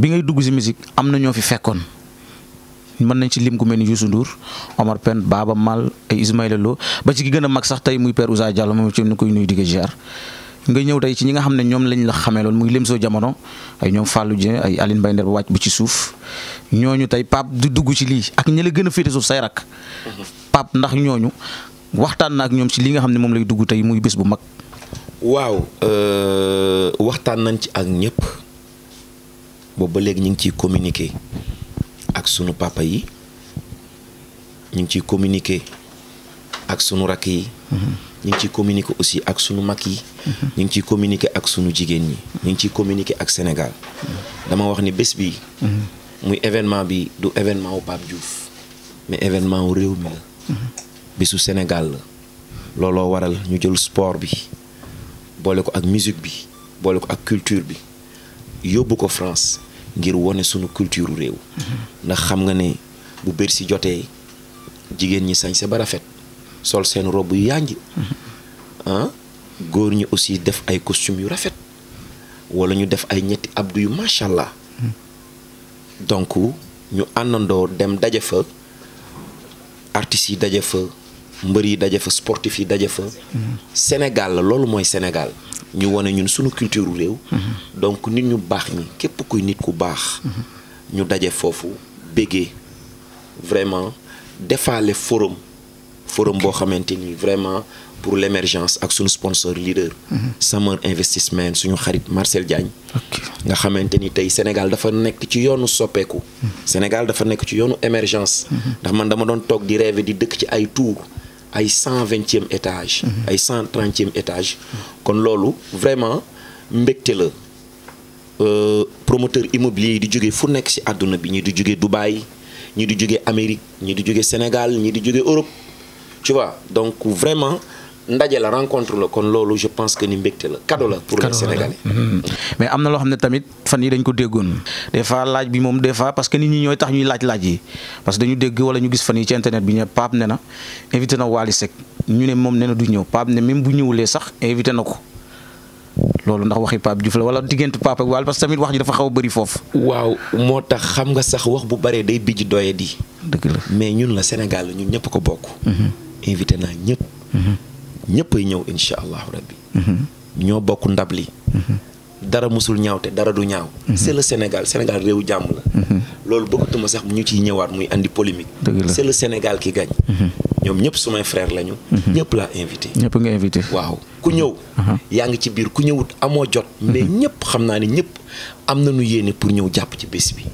bi ngay dugg si musique am na ñoo fi fekkoon mën nañ ci lim ku mel ni Youssou Ndour Omar Pène Baaba Maal ay Ismaïla Lo ba ci ki gën a mag sax tey muy Père Ousa Diallo moom ci ñu koy nuyu di ko nga ñëw tey ci ñi nga xam ne ñoom lañ la xamee loon muy lim soo jamono ay ñoom Fallou Dieng ay alin Mbaye Nder ba wàcc ba ci suuf ñooñu tey Pape di dugg ci lii ak ñi la gën a féete suuf say rak Pape ndax ñooñu waxtaan na ak ñoom ci li nga xam ne moom lay dugg tey muy bis bu mag. waaw euh, waxtaan nañ ci ak ñëpp. boobu ba léegi ñu ngi ciy communiquer ak sunu papa yi ñu ngi ciy communiquer ak sunu rakk yi. Mhm. ñu ngi ciy communiquer aussi ak sunu mag yi. Mhm. ñu ngi ciy communiquer ak sunu jigéen ñi. ñu ngi ciy communiquer ak Sénégal. Mhm. dama wax ni bés bi muy événement bi du événement wu Pape Diouf mais événement wu réew mi la. bésu Sénégal la. looloo waral ñu jël sport bi boole ko ak musique bi boole ko ak culture bi yóbbu ko France ngir wone suñu culture réew ndax xam nga ne bu bër si jotee jigéen ñi sañse ba rafet sol seen robe yu yànj ah góor ñi aussi def ay costume yu rafet wala ñu def ay ñetti abdu yu macha allah donc ñu àndandoo dem daje fa artistes yi daje fa mbër yi daje fa sportif yi daje fa. Sénégal la loolu mooy Sénégal. ñu wane ñun suñu culture réew. donc nit ñu baax ñi képp kuy nit ku baax. ñu daje foofu bégee vraiment defaale forum. forum boo xamante ni vraiment pour l'émergence ak suñu sponsor leader. Summer Investment suñu xarit Marcel Diagne. nga xamante ni tey Sénégal dafa nekk ci yoonu soppeeku. Hmm. Sénégal dafa nekk ci yoonu émergence. Hmm. ndax man dama doon toog di rêver di dëkk ci ay tour ay cent vingtième étage ay cent trentième étage kon loolu vraiment mbégte la euh, promoteur immobilier yi di jóge fu nekk ci àdduna bi ñi di jóge Dubaï ñi di jóge Amérique ñi di jóge Sénégal ñi di jóge Europe tu vois donc vraiment ndaje la rencontre la kon loolu je pense que ni mbégte la cadeau la pour les Sénégalais. Mhm. mais am na loo xam ne tamit fan yi dañ ko déggoon des laaj bi moom des fois parce que nit ñi ñooy tax ñuy laaj laaj yi parce ñu gis fan yi ci internet bi ñu Pape ne na invité ñu ne moom nee na du ñëw Pape ne même bu ñëwulee sax invité na ko. loolu ndax waxi Pape Diouf la wala diggante Pape ak Wally parce que tamit wax ji dafa xaw a foofu. waaw moo tax xam nga sax wax bu bëree day bijj doye di. dëgg mais ñun la Sénégal ñun ñëpp ko bokk. Mhm. invité naa ñëpp. Mhm. ñëppay ñëw incha allahu rabbi ñoo bokk ndab li dara mosul ñaaw te dara du ñaaw c'est le Sénégal Sénégal réewu jàmm la loolu bëggatuma sax ñu ciy ñëwaat muy indi polémique c'est le ki qui ñoom ñëpp sumay frère lañu ñëpp laa invité ñëpp nga invité waaw ku ñëw uh-huh. yaa ngi ci biir ku ñëwut amoo jot mais ñëpp xam naa ne ñëpp am na nañu yéene pour ñëw jàpp ci bés bi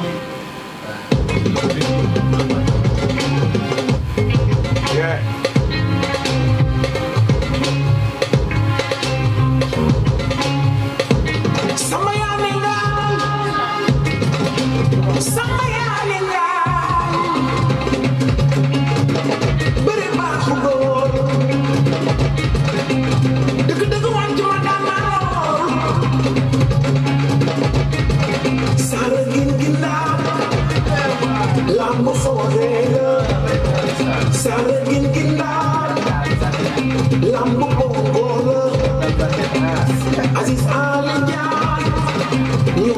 Amin.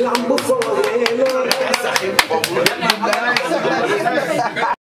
lamb foo